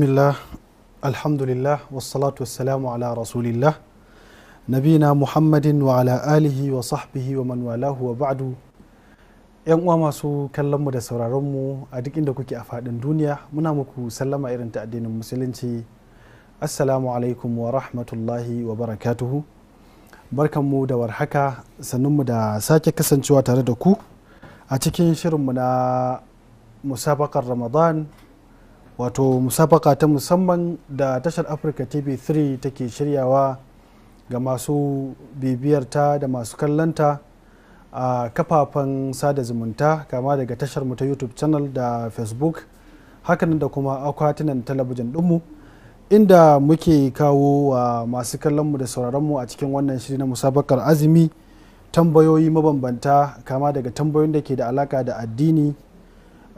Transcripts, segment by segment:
bismillah alhamdulillah wassalatu wassalamu ala rasulillah nabina muhammadin wa ala alihi wa sahbihi wa man walahu wa ba'du yan uwa masu kallon mu da mu a duk inda kuke a faɗin duniya muna muku sallama irin ta addinin musulunci assalamu alaikum wa rahmatullahi wa barakatuhu barkan mu da warhaka mu da sake kasancewa tare da ku a cikin shirin mu na musabakar ramadan wato musafaka ta musamman da tashar Afirka tv 3 take shiryawa ga masu bibiyarta da masu kallanta a kafafen sada zumunta kama daga tashar mu ta youtube channel da facebook hakanan da kuma akwatunan talabijin dinmu inda muke kawo wa masu kallonmu da sauraronmu a cikin wannan shiri na musabakar azumi tambayoyi mabambanta kama daga tambayoyin da ke da alaka da addini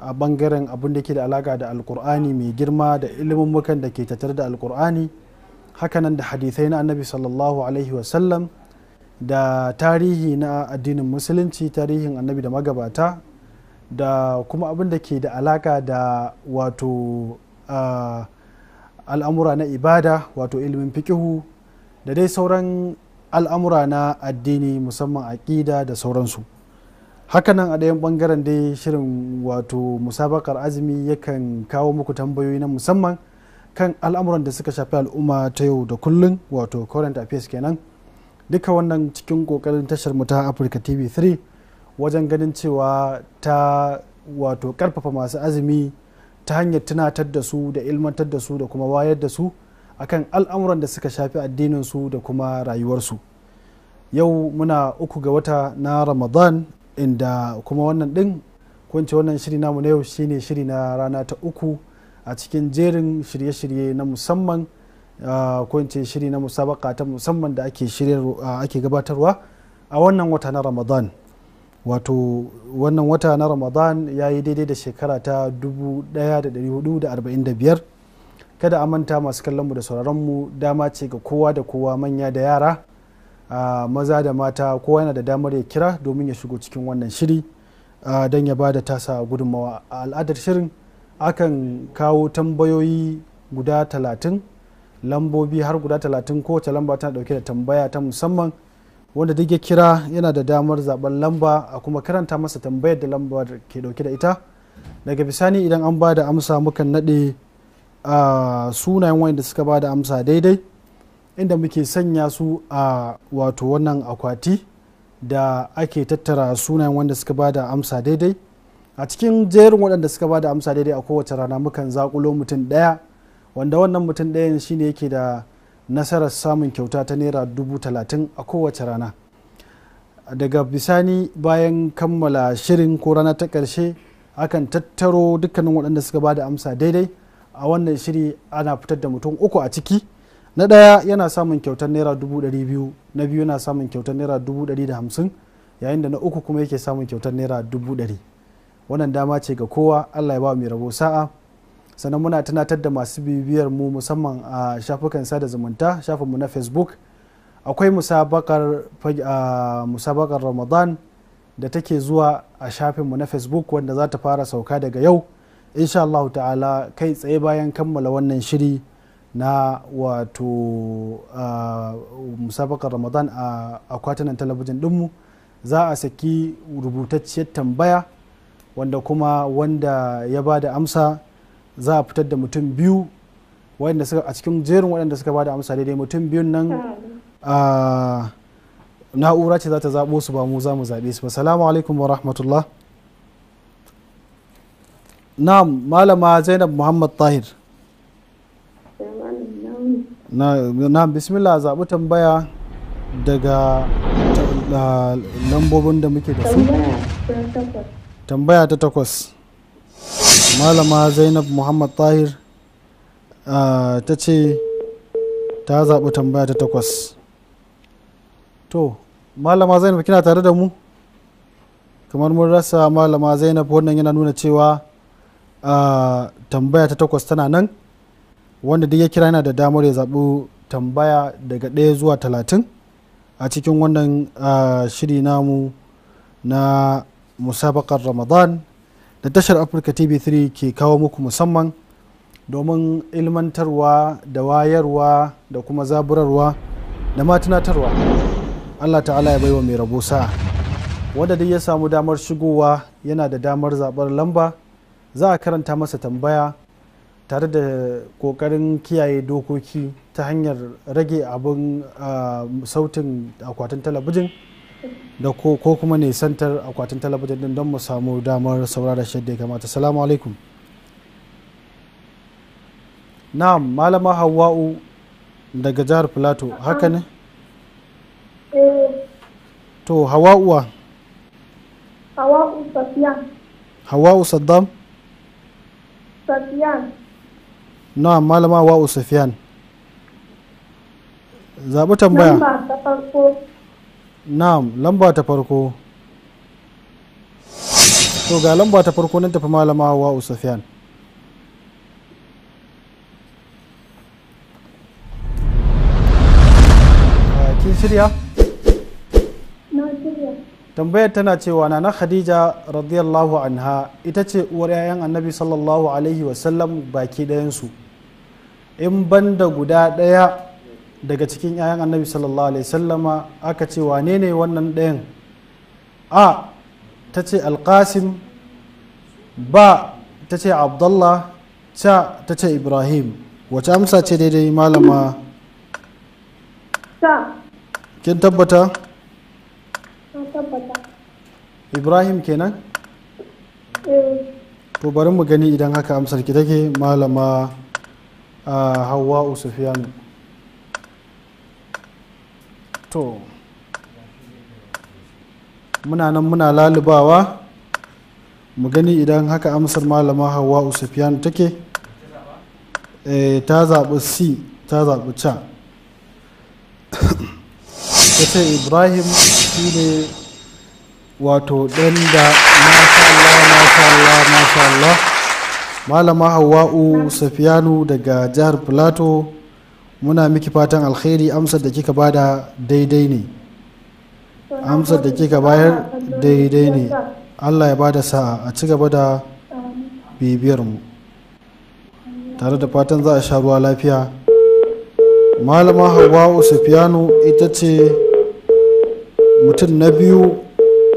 a bangaren abin da ke da alaka da alkur'ani mai girma da ilimin da ke tattare da alkur'ani hakanan da hadisai na annabi sallallahu alaihi wasallam da tarihi na addinin musulunci tarihin annabi da magabata da kuma abin da ke da alaka da wato al'amura na ibada wato ilimin fikihu da dai sauran al'amura na addini musamman aƙida da sauransu hakanan a ɗayan ɓangaren dai shirin wato musabakar azumi yakan kawo muku tambayoyi na musamman kan al'amuran da suka shafi al'umma ta yau da kullun wato current affairs kenan duka wannan cikin kokarin tashar mu ta africa tv 3 wajen ganin cewa ta wato karfafa masu azumi ta hanyar tunatar da su da ilmantar da su da kuma wayar da su akan al'amuran da suka shafi addinin su da kuma rayuwarsu yau muna uku ga wata na ramadan inda kuma wannan din kunce wannan shiri namu na yau shine shiri na rana ta uku a cikin jerin shirye-shirye na musamman kunce shiri na musabaka ta musamman da ake ake gabatarwa a wannan wata na ramadan wato wannan wata na ramadan ya yi daidai da shekara ta 1445 kada a manta masu kallonmu da sauraronmu dama ce ga kowa da kowa manya da yara maza da mata kowa yana da damar ya kira domin ya shigo cikin wannan shiri don ya ba da tasa gudunmawa a al'adar shirin akan kawo tambayoyi guda talatin lambobi har guda talatin kowace lamba tana dauke da tambaya ta musamman wanda duk ya kira yana da damar zaben lamba a kuma karanta masa tambayar da lamba ke dauke da ita daga bisani idan an ba da amsa mukan nade a sunayen wanda suka ba da amsa daidai inda muke sanya su a wato wannan akwati da ake tattara sunayen wanda suka ba da amsa daidai a cikin jerin waɗanda suka ba da amsa daidai a kowace rana mukan zakulo mutum ɗaya wanda wannan mutum ɗayan shine yake da nasarar samun kyauta ta naira dubu talatin a kowace rana daga bisani bayan kammala shirin ko rana ta ƙarshe akan tattaro dukkanin waɗanda suka ba da amsa daidai a wannan shiri ana fitar da mutum uku a ciki na ɗaya yana samun kyautar naira dubu ɗari biyu na biyu yana samun kyautar naira dubu ɗari da hamsin yayin da na uku kuma yake samun kyautar naira dubu ɗari wannan dama ce ga kowa allah ya ba mai rabo sa'a sannan muna tunatar da masu bibiyar mu musamman a shafukan sada zumunta shafinmu na facebook akwai musabakar musabakar ramadan da take zuwa a shafinmu na facebook wanda za ta fara sauka daga yau insha allahu ta'ala kai tsaye bayan kammala wannan shiri na wato musabakar ramadan a akwatunan talabijin dinmu za a saki rubutacciyar tambaya wanda kuma wanda ya ba da amsa za a fitar da mutum biyu wanda a cikin jerin waɗanda suka ba da amsa daidai mutum biyun nan na'ura ce za ta zaɓo su ba mu za mu zaɓe su ba salamu alaikum wa rahmatullah na malama zainab muhammad tahir na bismillah zaɓi tambaya daga lambobin da muke da su tambaya ta takwas malama zainab muhammad tahir ta ce ta zaɓi tambaya ta takwas to malama zainab kina tare da mu kamar mun rasa malama zainab wannan yana nuna cewa tambaya ta takwas tana nan wanda duk ya kira yana da damar ya zaɓi tambaya daga ɗaya zuwa talatin a cikin wannan shiri namu na musabakar ramadan da tashar afirka tv 3 ke kawo muku musamman domin ilmantarwa da wayarwa da kuma zaburarwa da ma tunatarwa allah ta'ala ya baiwa mai rabo sa'a wanda duk ya samu damar shigowa yana da damar zaɓar lamba za a karanta masa tambaya tare da kokarin kiyaye dokoki ta hanyar rage abin sautin akwatin talabijin da ko kuma nisantar akwatin talabijin din don mu samu damar saurara shi da ya kamata salamu alaikum na'am malama hawa'u daga jihar plateau haka ne to hawa'uwa hawa'u safiya hawa'u saddam safiya na malama wa usufiyan zaɓi tambaya na'am lamba ta farko to ga lamba ta farko nan tafi malama wa usufiyan ah, kin shirya? tambayar tana cewa na khadija radiyallahu anha ita ce uwar 'ya'yan annabi sallallahu alaihi wasallam baki ɗayansu in banda guda ɗaya daga cikin 'ya'yan annabi sallallahu alaihi sallama aka ce wane ne wannan ɗayan a ta ce alkasim ba ta ce abdullah ca ta ce ibrahim wace amsa ce daidai malama ta kin tabbata ibrahim kenan eh. to bari mu gani idan haka amsar ki take malama Ah, hawa'u sufiyanu to muna nan muna lalubawa mu gani idan haka amsar malama hawa'u sufiyanu take eh, ta zaɓi c ta zaɓi c ta ce ibrahim shi ne wato ɗan da mashallah Allah mashallah malama hawa'u safiyanu daga jihar plato muna miki fatan alkhairi amsar da kika bada daidai ne amsar da kika bayar daidai ne allah ya bada sa'a a ci gaba da bibiyarmu tare da fatan za a sha ruwa lafiya malama hawa'u safiyanu ita ce mutum na biyu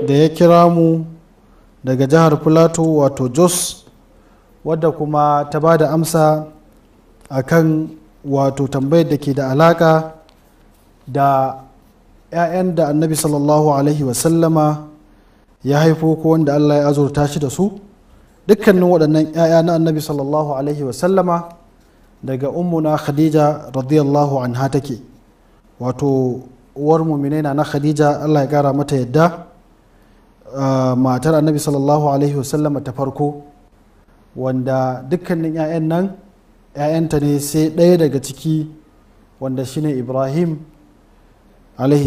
da ya kira mu daga jihar plato wato jos wadda kuma ta ba da amsa a kan wato tambayar da ke da alaka da 'ya'yan da annabi sallallahu alaihi wasallama ya haifo ko wanda allah ya azurta shi da su dukkanin waɗannan 'ya'ya na annabi sallallahu alaihi wasallama daga ummuna khadija radiyallahu anha take wato uwar muminaina na khadija allah ya kara mata yadda matar annabi sallallahu alaihi wasallama ta farko wanda dukkanin 'ya'yan nan 'ya'yanta ne sai ɗaya daga ciki wanda shine ibrahim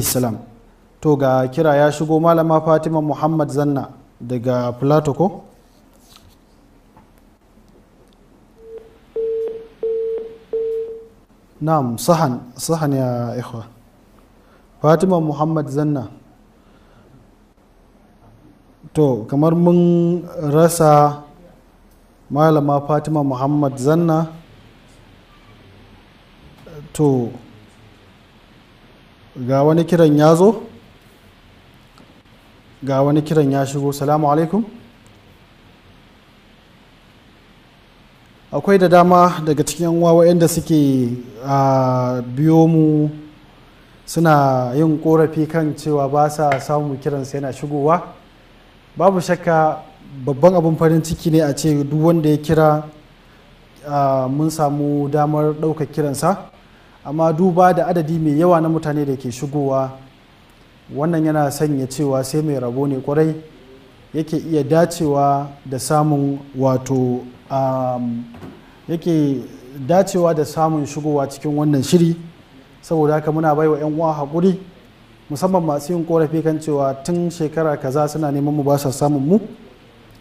salam to ga kira ya shigo malama fatima muhammad zanna daga plato ko na'am sahan sahan ya ikhwa fatima muhammad zanna to kamar mun rasa malama fatima muhammad zanna to ga wani kiran ya zo ga wani kiran ya shigo salamu alaikum akwai da dama daga cikin yadda suke biyo mu suna yin korafi kan cewa ba sa samun kiransa yana shigowa babu shakka babban abin farin ciki ne a ce duk wanda ya kira mun samu damar ɗaukar kiransa amma duba da adadi mai yawa na mutane da ke shigowa wannan yana sanya cewa sai mai rabo ne kwarai yake iya dacewa da samun wato yake dacewa da samun shigowa cikin wannan shiri saboda haka muna baiwa 'yan uwa haƙuri musamman masu yin korafi kan cewa tun shekara kaza suna neman mu ba sa samun mu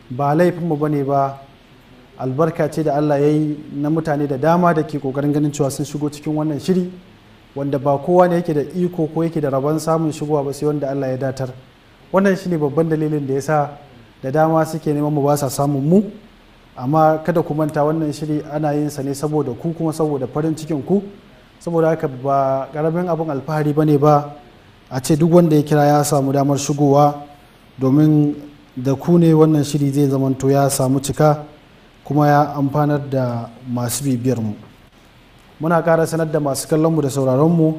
ba laifinmu ba ne ba albarka ce da allah ya yi na mutane da dama da ke kokarin ganin cewa sun shigo cikin wannan shiri wanda ba kowa ne yake da iko ko yake da rabon samun shigowa ba sai wanda allah ya datar wannan ne babban dalilin da ya sa da dama suke neman mu ba sa samun mu amma kada ku manta wannan shiri ana yin sa ne saboda ku kuma saboda farin cikin ku saboda haka ba karamin abin alfahari bane ba a ce duk wanda ya kira ya samu damar shigowa domin da ku ne wannan shiri zai zamanto ya samu cika kuma ya amfanar da masu bibiyar mu muna kara sanar da masu kallon mu da sauraron mu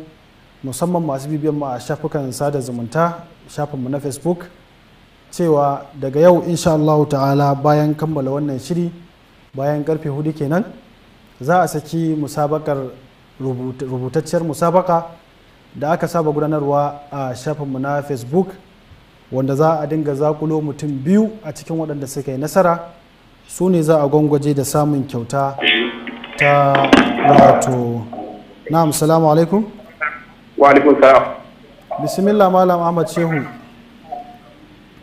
musamman masu bibiyar mu a shafukan sada zumunta shafin mu na facebook cewa daga yau insha Allah ta'ala bayan kammala wannan shiri bayan karfe hudu kenan za a saki musabakar rubutacciyar musabaka da aka saba gudanarwa a shafinmu na facebook wanda za a dinga zakulo mutum biyu a cikin waɗanda suka yi nasara su ne za a gwangwaje da samun kyauta ta wato Na salamu alaikum wa alaikum salam bismillah malam ahmad shehu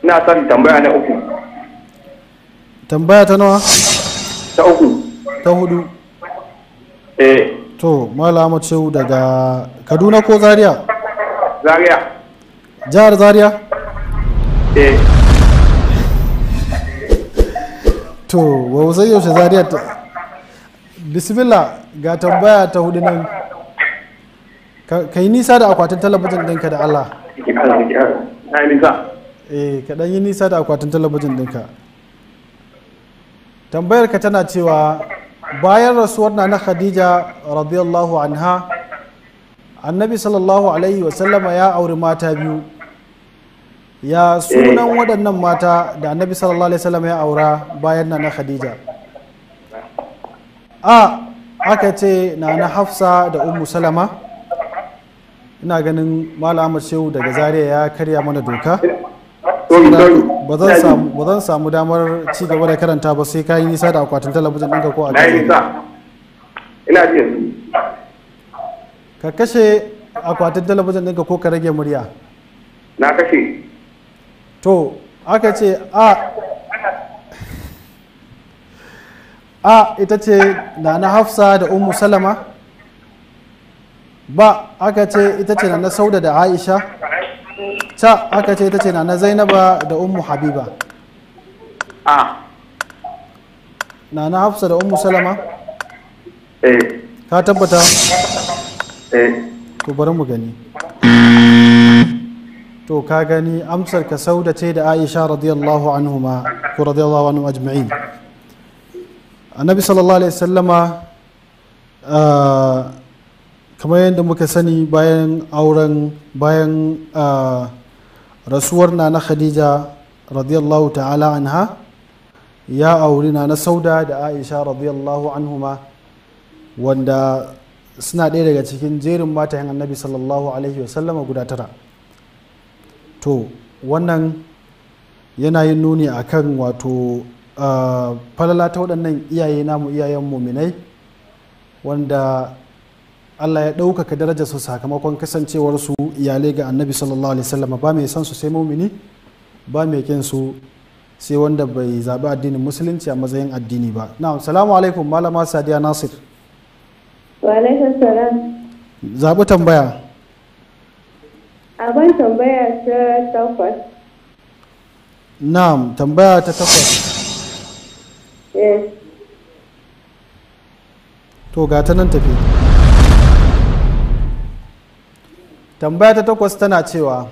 ina son tambaya na uku tambaya ta nawa ta uku ta hudu eh to malam ahmad shehu daga kaduna ko zaria zaria jihar zaria to wau sai yaushe zariya ta bismillah ga tambaya ta hudu nan ka yi nisa da akwatin talabijin ɗinka da Allah eh ka dan yi nisa da akwatin talabijin ɗinka tambayar ka tana cewa bayan rasuwar na na khadija radiyallahu anha annabi sallallahu alaihi wasallama ya auri mata biyu ya sunan eh. waɗannan mata da annabi sallallahu alaihi wasallam ya aura bayan na khadija a aka ce na na hafsa da ummu salama ina ganin malamar shehu daga zaria ya karya mana doka ba zan samu damar ci gaba da karanta ba sai kayan nisa da akwatin talabijin ɗinka ko a ka kashe akwatin talabijin ɗinka ko ka rage murya na kashe to aka ce a a ita ce na na hafsa da ummu salama ba aka ce ita ce na sauda da aisha ta aka ce ita ce na zainaba da ummu habiba a na na hafsa da ummu salama eh ka tabbata eh to bari mu gani to ka gani amsar ka da ce da aisha radiyallahu anhu ma ko radiyallahu anhu a annabi sallallahu alaihi sallama ah, kamar yadda muka sani bayan auren bayan ah, rasuwar na na khadija radiyallahu ta'ala anha ya auri na na sauda da aisha radiyallahu anhu ma wanda suna ɗaya daga cikin jerin matayen annabi sallallahu alaihi wasallama guda tara to wannan yana yin nuni a kan wato falala ta waɗannan iyaye namu iyayen muminai wanda allah ya ɗaukaka darajarsu sakamakon kasancewarsu iyalai ga annabi sallallahu alaihi wasallam ba mai san su sai mumini ba mai kin su sai wanda bai zaɓi addinin musulunci a matsayin addini ba na salamu alaikum malama sadiya nasir wa alaikum salam zaɓi tambaya Abin tambaya ta takwas. Na'am, tambaya ta takwas. Eh. To ga ta nan tafi. Tambaya ta takwas tana cewa,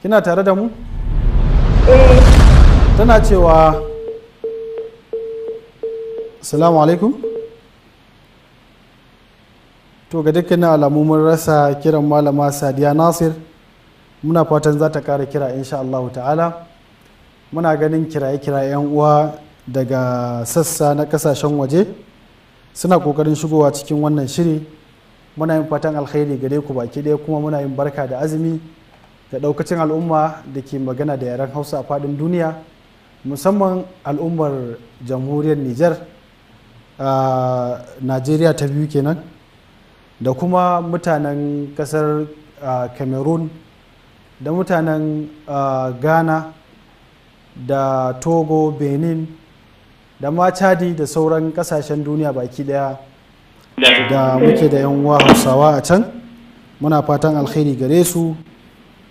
Kina tare da mu? Eh. Tana cewa, Salamu alaikum. to ga dukkanin alamu mun rasa kiran malama sadiya nasir muna fatan za ta kara kira insha Allah ta'ala muna ganin kiraye-kiraye yan uwa daga sassa na kasashen waje suna kokarin shigowa cikin wannan shiri muna yin fatan alkhairi gare ku baki ɗaya kuma muna yin barka da azumi da ɗaukacin al'umma da ke magana da yaren hausa a faɗin duniya musamman al'ummar jamhuriyar niger ah, najeriya ta biyu kenan da kuma mutanen kasar cameroon da mutanen ghana da togo benin da ma chadi da sauran kasashen duniya baki daya da muke da yan uwa hausawa a can muna fatan alkhairi gare su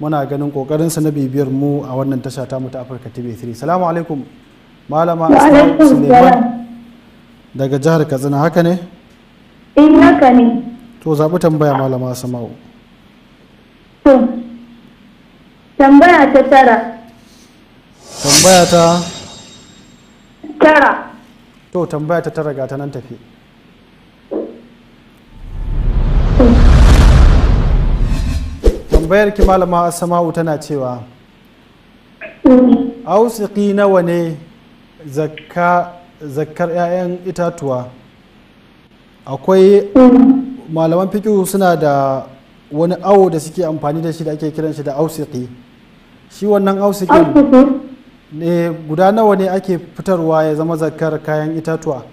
muna ganin kokarinsa na bibiyar mu a wannan tasha ta mutu afirka tv 3 salamu alaikum malama suleiman daga jihar katsina haka ne in eh, haka ne to zaɓi tambaya malama sama'u tambaya ta tara tambaya ta tara to tambaya ta tara gata nan tafi tambayar ki malama sama'u tana cewa mm. ausiki nawa ne zakka zakkar 'ya'yan itatuwa akwai mm. malaman fikihu suna da wani awo da suke amfani da shi da ake kiran shi da ausiki shi wannan ausiki ne guda nawa ne ake fitarwa ya zama zakar kayan itatuwa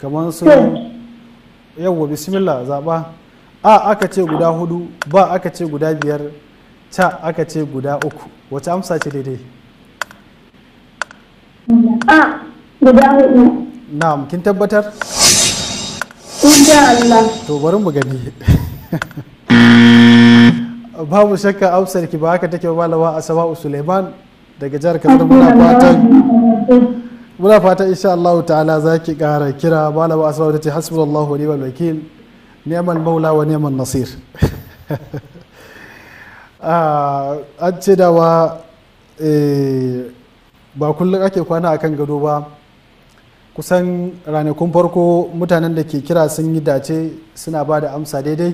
kamar su yawwa bismillah zaɓa a aka ce guda hudu ba aka ce guda biyar ta aka ce guda uku wace amsa ce daidai a guda hudu na'am kin tabbatar to bari mu gani babu shakka amsar ki ba haka take malama asma'u suleiman daga jihar kaduna muna fatan muna fatan insha Allah ta'ala zaki kara kira malama asma'u ta ce hasbunallahu wa ni'mal wakil ni'mal maula wa ni'mal nasir ah, an ce dawa eh, ba kullum ake kwana akan gado ba kusan ranakun farko mutanen da ke kira sun yi dace suna ba da amsa daidai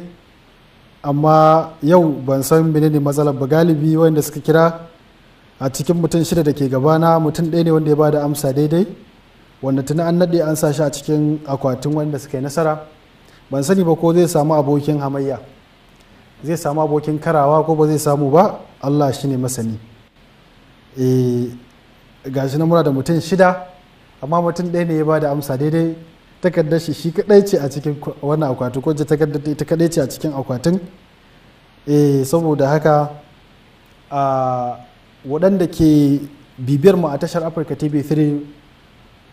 amma yau ban san menene matsalar ba galibi wanda suka kira a cikin mutum shida da ke gabana mutum ɗaya ne wanda ya ba da amsa daidai wanda tuni an naɗe an sa shi a cikin akwatin wanda suka yi nasara ban sani ba ko zai samu abokin hamayya zai samu abokin karawa ko ba zai samu ba allah shi ne masani e, shi na mura da mutum shida amma mutum ɗaya ne ya ba da amsa daidai takardar shi shi kadai ce a cikin wannan akwatin ko ta takardar ita kadai ce a cikin akwatin eh saboda haka a waɗanda ke bibiyar mu a tashar Afirka TV3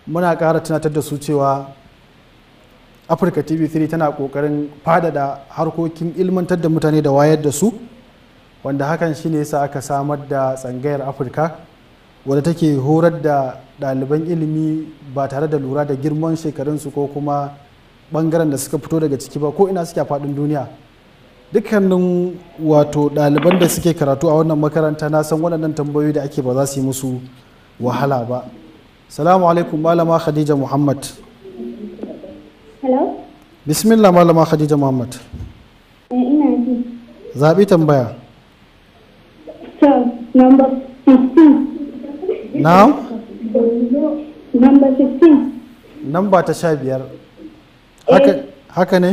muna ƙara tunatar da su cewa Afirka TV3 tana ƙoƙarin fadada harkokin ilmantar da mutane da wayar da su wanda hakan shine yasa aka samar da tsangayar Afirka wadda take horar da ɗaliban ilimi ba tare da lura da girman shekarunsu ko kuma ɓangaren da suka fito daga ciki ba ko ina suke faɗin duniya dukkanin wato ɗaliban da suke karatu a wannan makaranta na san waɗannan tambayoyi da ake ba za su yi musu wahala ba salamu alaikum malama khadija muhammad bismillah malama khadija muhammad eh, zaɓi tambaya na number 16 ta sha biyar eh. haka ne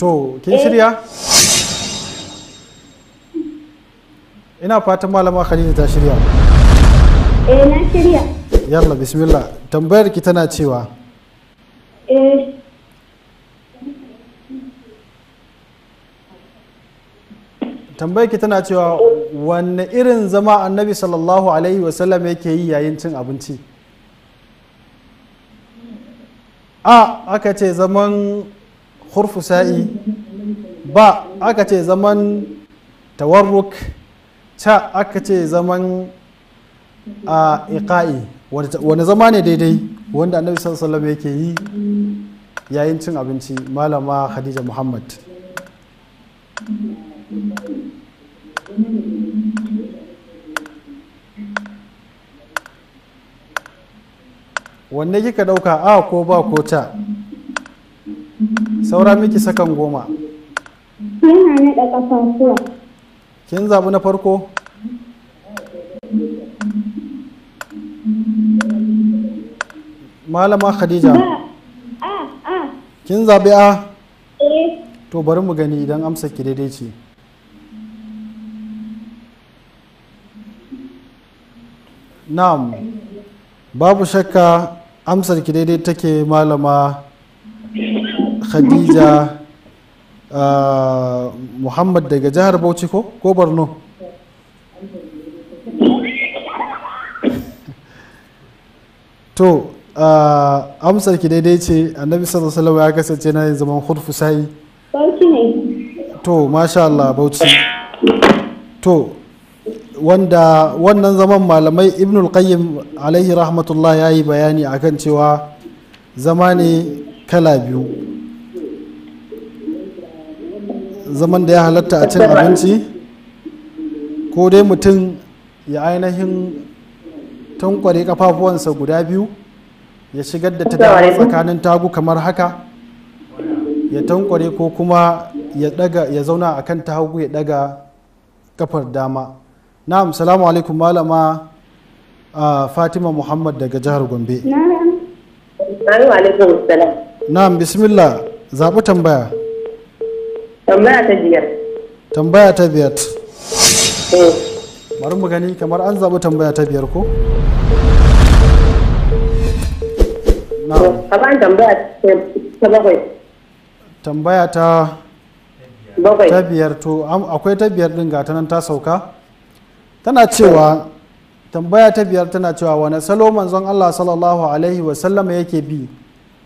to kin eh. shirya ina fatan malama khadija ta shirya eh na shirya yalla bismillah tambayar ki tana cewa eh ki tana cewa wanne irin zama annabi sallallahu alaihi wasallam yake yi yayin cin abinci a aka ce zaman hurfusa'i ba aka ce zaman tawarruk ta aka ce zaman a iqa'i wani zama ne daidai wanda annabi sallallahu alaihi wasallam yake yi yayin cin abinci malama khadija muhammad wanne kika ɗauka a ko ba ko ta saura miki sakan goma yana kin zaɓi na farko malama khadija kin zaɓi a eh. to bari mu gani idan amsa ki daidai ce na'am babu shakka amsar ki daidai take malama khadija uh, muhammad daga jihar bauchi ko ko borno to uh, amsar ki daidai ce annabi sallallahu alaihi ya kasance na zaman hurfu sai to masha Allah bauchi to wanda wannan zaman malamai ibnul qayyim alaihi rahmatullah ya yi bayani a kan cewa zama ne kala biyu zaman da ya halatta a cin abinci ko dai mutum ya ainihin tankware kafafuwansa guda biyu ya shigar da ta dama tsakanin tagu kamar haka ya tankware ko kuma ya zauna a kan tagu ya daga kafar dama na'am salamu alaikum malama ah, fatima muhammad daga jihar gombe na'am bismillah zaɓi tambaya tambaya ta biyar tambaya ta biyar bari mu gani kamar an zaɓi tambaya ta biyar ko na'am tambaya ta bakwai tambaya ta ta biyar to akwai ta biyar din gata nan ta sauka tana cewa tambaya ta biyar tana cewa wani salo manzon Allah sallallahu alaihi wasallama yake bi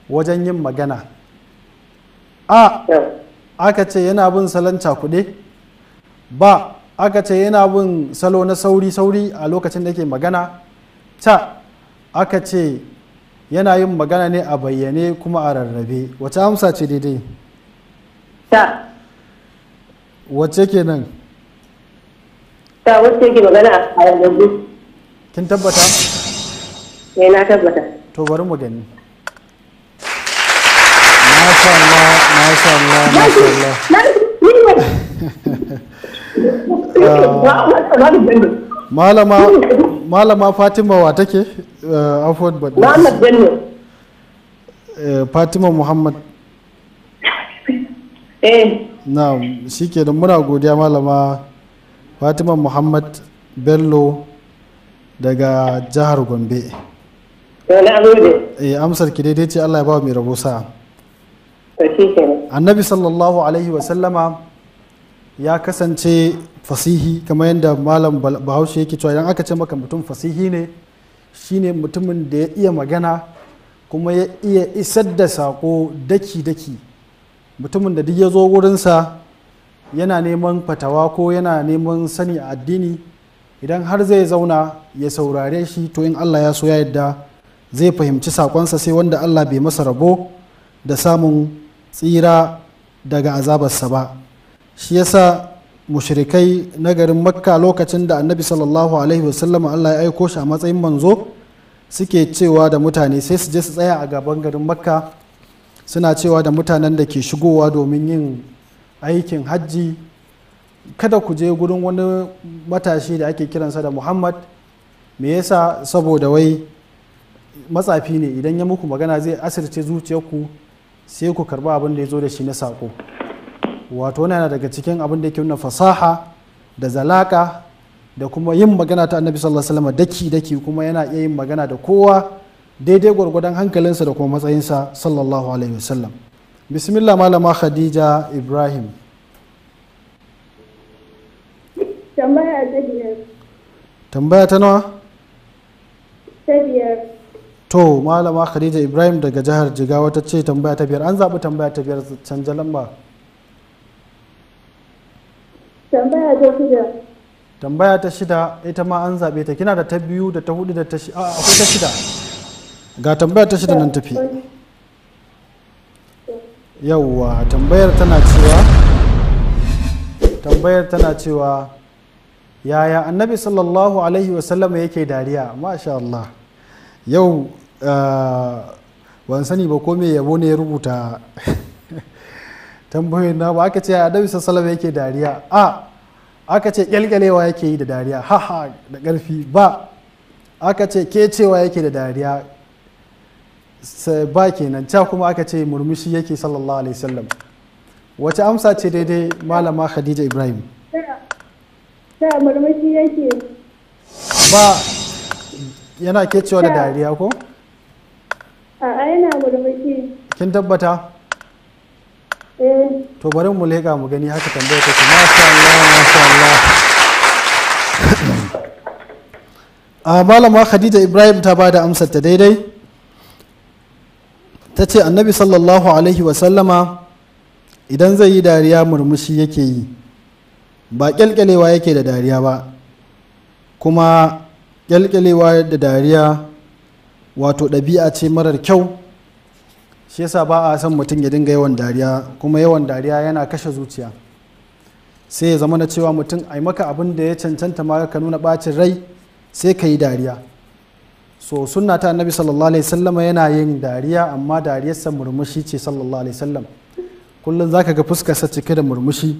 wajen yin magana a aka ce yana bin salon cakuɗe ba aka ce yana bin salo na sauri-sauri a lokacin da yake magana ta aka ce yana yin magana ne a bayyane kuma a rarrabe wace amsa ce daidai ta wace kenan nan ta wasu yake magana a kayan lambu kin tabbata Eh na tabbata to bari mu gani masha Allah masha Allah masha Allah malama malama Fatima wa take afwan badda Muhammad Bello Fatima Muhammad eh ke shikenan muna godiya malama fatima muhammad bello daga jihar gombe eh, eh amsar ki daidai ce allah ya ba mai rabo sa'a annabi sallallahu alaihi wasallama ya kasance fasihi kamar yadda malam bahaushe yake cewa idan aka ce maka mutum fasihi ne shine mutumin da ya iya magana kuma ya iya isar da sako daki-daki mutumin da duk ya zo wurinsa yana neman fatawa ko yana neman sani a addini idan har zai zauna ya saurare shi to in Allah ya so ya yadda zai fahimci sakonsa sai wanda Allah bai masa rabo da samun tsira daga azabarsa ba shi yasa mushrikai na garin makka lokacin da annabi sallallahu alaihi wasallam Allah ya aiko shi a matsayin manzo suke cewa da mutane sai su je su tsaya a gaban garin makka suna cewa da mutanen da ke shigowa domin yin aikin hajji kada ku je gurin wani matashi da ake kiransa da muhammad me yasa saboda wai matsafi ne idan ya muku magana zai asirce zuciyarku sai ku karba abin da ya zo da shi na sako wato yana daga cikin abin da ke nuna fasaha da zalaka da kuma yin magana ta annabi sallallahu alaihi wasallam daki daki kuma yana iya yin magana da kowa daidai gwargwadon hankalinsa da kuma matsayinsa sallallahu alaihi wasallam bismillah malama khadija ibrahim tambaya ta biyar tambaya ta nawa ta biyar to malama khadija ibrahim daga jihar jigawa ta ce tambaya ta biyar an zaɓi tambaya ta biyar canja lamba tambaya ta shida tambaya ta shida ita ma an zaɓe ta kina da ta biyu da ta hudu da ta shida ta shida ga tambaya ta shida nan tafi yauwa tambayar tana cewa tambayar tana cewa yaya annabi sallallahu alaihi wasallama yake dariya masha Allah yau eh, ban sani ba ko me yabo ne ya rubuta tambayoyin na ba aka ce annabi sallallahu yake dariya a aka ce kyalkyalewa yake yi da dariya ha ha da ƙarfi ba aka ce ke cewa yake da dariya ba kenan ca kuma aka ce murmushi yake sallallahu alaihi wasallam wace amsa ce daidai malama khadija ibrahim ta murmushi yake ba yana ke cewa da dariya ko a yana murmushi kin tabbata eh. to bari mu leƙa mu gani haka tambaya ta masha Allah masha Allah a ah, malama khadija ibrahim ta ba da amsar ta daidai ta ce annabi sallallahu alaihi wasallama idan zai yi dariya murmushi yake yi ba kyalkyalewa yake da dariya ba kuma kyalkyalewa da dariya wato ɗabi'a ce marar kyau shi yasa ba a son mutum ya dinga yawan dariya kuma yawan dariya yana kashe zuciya sai ya zama na cewa mutum ai maka abin da ya cancanta ma ka nuna ɓacin rai sai ka yi dariya so sunna ta annabi sallallahu alaihi wasallam yana yin dariya amma dariyarsa murmushi ce sallallahu alaihi wasallam kullum zaka ga fuskarsa cike da murmushi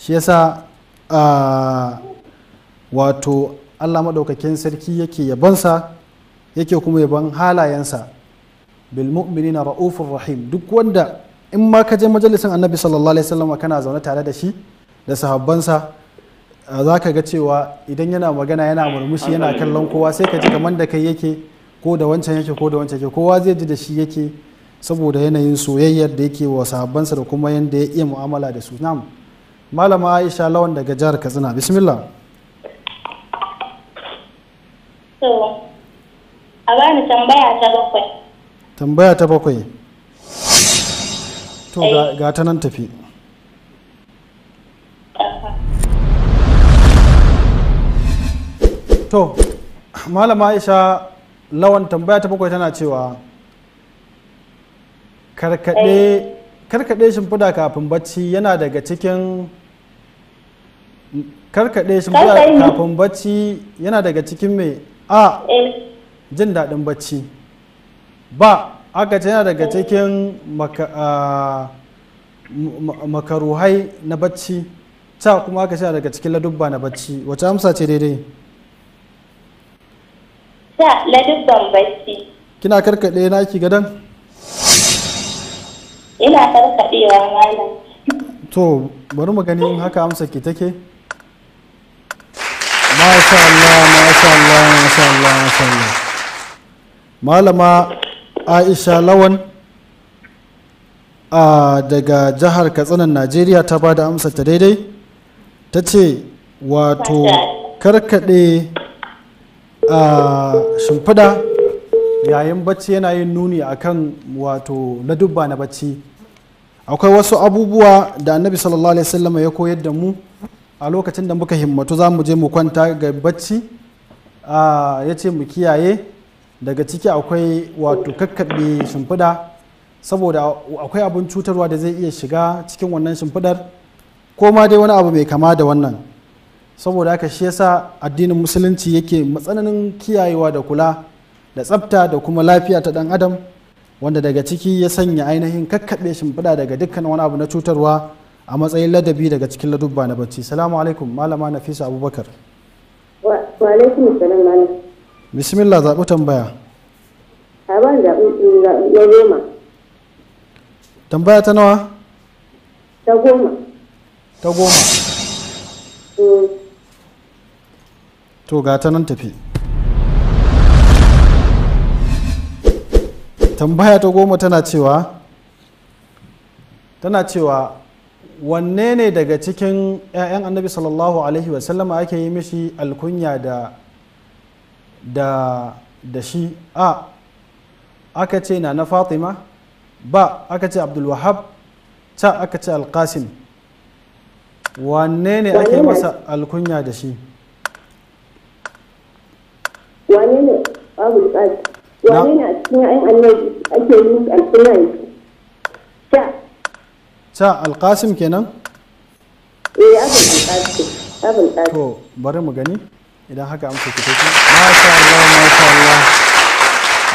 shi yasa ah, wato Allah maɗaukakin sarki yake yabonsa yake kuma yabon halayensa bil mu'minina ra'ufur rahim duk wanda in ma ka je majalisin annabi sallallahu alaihi wasallam kana zaune tare da shi da sahabbansa za ka ga cewa idan yana magana yana murmushi yana kallon kowa sai ka ji kamar da kai yake ko da wancan yake ko da wancan yake kowa zai ji da shi yake saboda yanayin soyayyar da yake wa sahabbansa da kuma yanda ya iya mu'amala da su na'am malama aisha lawan daga jihar katsina bismillah a bani tambaya ta bakwai tambaya ta bakwai to ga eh. ta nan tafi to malama aisha lawan tambaya ta bakwai tana cewa karkade shimfida kafin bacci yana daga cikin karkade shimfida kafin bacci yana daga cikin mai a eh. jin daɗin bacci ba aka ce yana daga cikin makaruhai na bacci ta kuma aka ce yana daga cikin ladubba na bacci wace amsa ce daidai bacci kina karkaɗe naki gadon ina karkaɗewa malam to bari mu gani haka amsa ki take masha Allah masha Allah masha Allah masha Allah malama Aisha Lawan a daga jihar katsinan najeriya ta ba da amsa ta daidai ta ce wato karkade shimfida yayin bacci yana yin nuni akan wato ladubba na bacci akwai wasu abubuwa da annabi sallallahu alaihi wasallam ya koyar da mu a lokacin da muka himmatu za mu je mu kwanta ga bacci ya ce mu kiyaye daga ciki akwai wato kakkaɓe shimfiɗa saboda akwai abin cutarwa da zai iya shiga cikin wannan shimfiɗar ko ma dai wani abu mai kama da wannan saboda haka shi yasa addinin musulunci yake matsananin kiyayewa da kula da tsafta da kuma lafiya ta dan adam wanda daga ciki ya sanya ainihin kakkaɓe shimfiɗa daga dukkan wani abu na cutarwa a matsayin ladabi daga cikin ladubba na bacci salamu alaikum malama nafisa abubakar wa alaikum bismillah zaɓi tambaya a zaɓi tambaya ta nawa ta goma ta goma mm. to ga ta nan tafi tambaya ta goma tana cewa tana cewa wanne ne daga cikin 'ya'yan annabi sallallahu alaihi wasallama ake yi mishi alkunya da da da shi a aka ce na na fatima ba aka ce abdulwahab ta aka ce alkasim wanne ne ake masa alkunya da shi bashi ne a cikin ya'yan annabi ake yi alƙina sha sha alƙasim kenan eh abin alƙasim abin to bari mu gani idan haka amsa ki take masha Allah masha Allah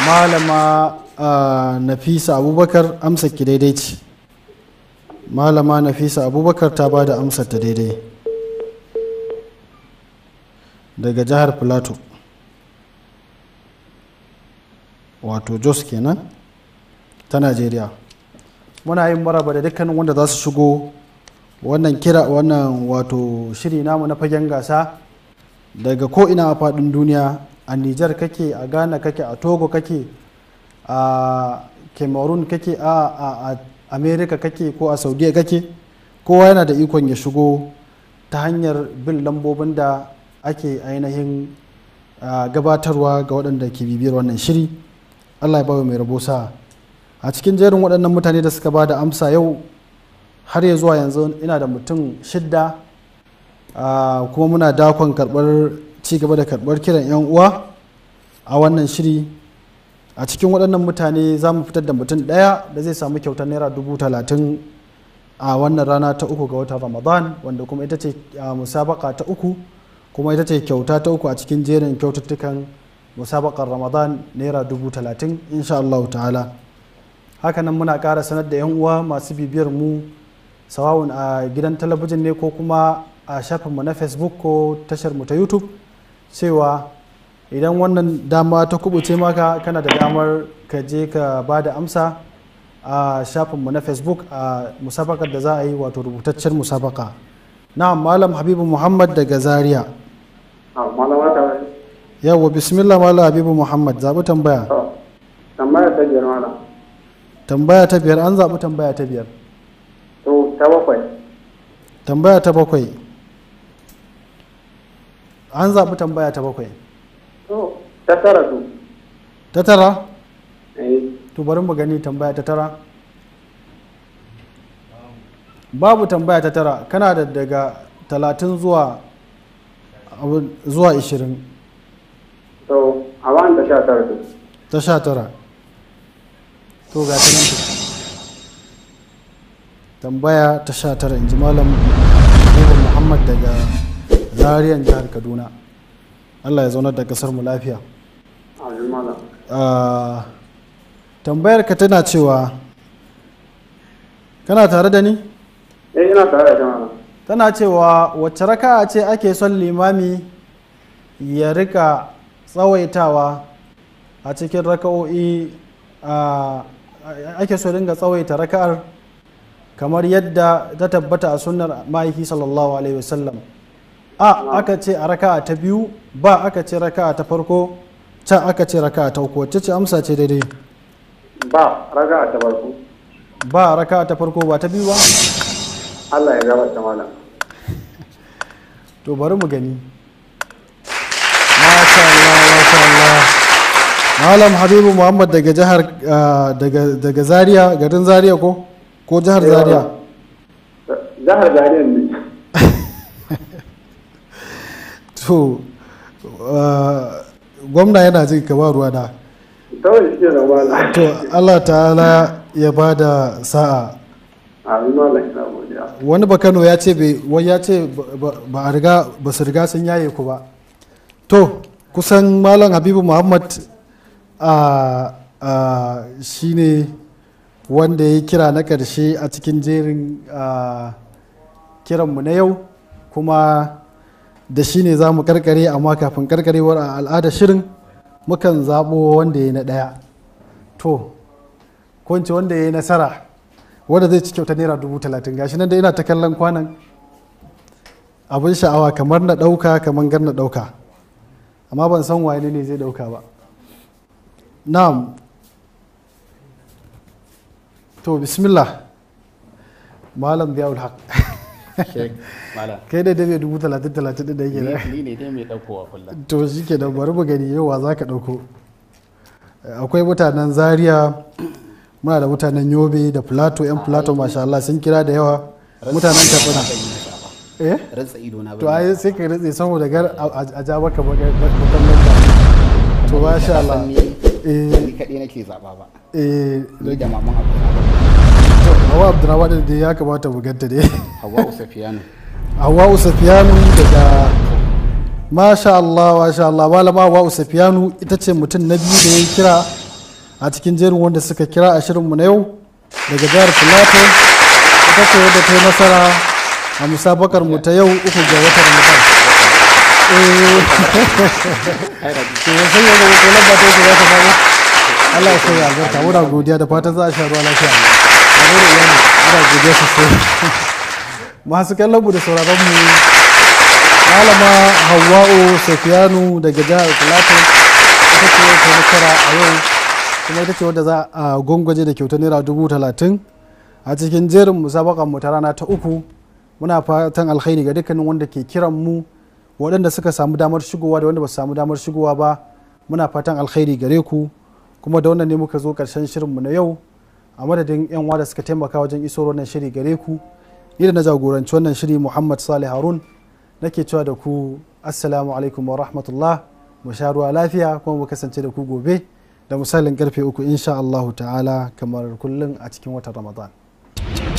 malama ah, Nafisa Abubakar amsa ki daidai ce malama Nafisa Abubakar ta bada amsar ta daidai daga jihar Plateau wato jos kenan ta najeriya muna yin maraba da dukkanin wanda za su shigo wannan kira wannan wato shiri namu na fagen gasa daga ko'ina a fadin duniya a nijar kake a ghana kake a togo kake a cameroon kake a america kake ko a saudiya kake kowa yana da ikon ya shigo ta hanyar bin lambobin da ake ainihin gabatarwa ga waɗanda ke bibiyar wannan shiri allah ya bawa mai rabo sa a cikin jerin waɗannan mutane da suka ba da amsa yau har ya zuwa yanzu ina da mutum shidda kuma muna dakon karɓar cigaba da karɓar kiran 'yan uwa a wannan shiri a cikin waɗannan mutane za mu fitar da mutum ɗaya da zai samu kyautar naira dubu talatin a wannan rana ta uku ga wata ramadan wanda kuma ita ce musabaka ta uku kuma ita ce kyauta ta uku a cikin jerin kyaututtukan musabakar ramadan naira dubu talatin insha Allah ta'ala hakanan muna ƙara sanar da 'yan uwa masu bibiyar mu sawawun a gidan talabijin ne ko kuma a shafinmu na facebook ko tashar mu ta youtube cewa idan wannan dama ta kubuce maka kana da damar ka je ka ba da amsa a shafinmu na facebook a musabakar da za a yi wato rubutaccen musabaka na malam habibu muhammad daga zaria yawo bismillah mala habibu muhammad zaɓi tambaya tambaya ta biyar mala tambaya ta biyar an zaɓi tambaya ta biyar to ta bakwai tambaya ta bakwai an zaɓi tambaya ta bakwai to ta tara to ta tara eh. to bari mu gani tambaya ta tara babu tambaya ta tara kana da daga talatin zuwa zuwa ishirin to a wani ta sha to ta tambaya ta sha tara in ji malam muhammad daga zariyan jihar kaduna allah ya zaunar da kasar mu lafiya ah, tambayar ka tana cewa kana tare da ni? eh ina tare da tana cewa wacce raka ce ake son limami ya rika tsawaitawa a cikin raka'o'i ake so dinga tsawaita raka'ar kamar yadda ta tabbata a sunnar ma'aiki sallallahu alaihi wasallam a aka ce a raka'a ta biyu ba aka ce raka'a ta farko can aka ce raka'a ta uku wacce ce amsa ce daidai ba raka'a ta farko ba raka'a ta farko ba ta biyu ba Allah ya gabata mana to bari mu gani malam habibu muhammad daga jihar ah, daga zaria garin zaria ko ko jihar zaria jihar zaria ne to ah, gwamna yana jin ka ba ruwa da to allah ta'ala ya ba da sa'a wani bakano ya ce ba a riga ba su riga sun yaye ku ba to kusan malam habibu muhammad shi ne wanda ya kira na karshe a cikin jerin kiranmu na yau kuma da shi ne za mu karkare amma kafin karkarewar a al'ada shirin mukan zaɓo wanda ya na ɗaya to kwanci wanda ya yi nasara wanda zai ci kyauta naira dubu talatin gashi nan da ina ta kallon kwanan abin sha'awa kamar na ɗauka kamar gar na ɗauka amma ban san wani ne zai ɗauka ba na'am to bismillah malam biyaul haq kai da dame dubu talatin talatin da yake ni ne dai mai daukowa kullum to shi ke da bari mu gani yau wa za ka dauko akwai mutanen zaria muna da mutanen yobe da plato yan plato masha Allah sun kira da yawa mutanen tafuna eh to ai sai ka rantsa saboda gar a ja baka baka to masha Allah Eh. ni kaɗai nake zaɓa ba eh. ni da maman abdurrahman hawa abdurrahman da ya kamata mu ganta dai hawa usafiyanu hawa usafiyanu daga masha Allah masha Allah malama hawa usafiyanu ita ce mutum na biyu da ya kira a cikin jerin wanda suka kira a shirinmu na yau daga jihar Filato ita ce wadda ta yi nasara a musabakar mu ta yau uku ga watan Mubarak Allah ya sai albarka muna godiya da fatan za a sha ruwa lafiya godiya masu kallon mu da sauraron mu malama hawa'u sofiyanu daga jihar plateau ita ce ta kara a yau kuma ita ce wadda za a ah, gwangwaje da kyautar naira dubu talatin a cikin jerin musabakan mu ta rana ta uku muna fatan alkhairi ga dukkanin wanda ke kiran mu waɗanda suka samu damar shigowa da wanda ba su samu damar shigowa ba muna fatan alkhairi gare ku kuma da wannan ne muka zo karshen shirinmu na yau a madadin yan da suka taimaka wajen iso wannan shiri gare ku ni da na jagoranci wannan shiri muhammad salih harun nake cewa da ku assalamu alaikum wa rahmatullah mu sha ruwa lafiya kuma mu kasance da ku gobe da misalin karfe uku insha allahu ta'ala kamar kullum a cikin watan ramadan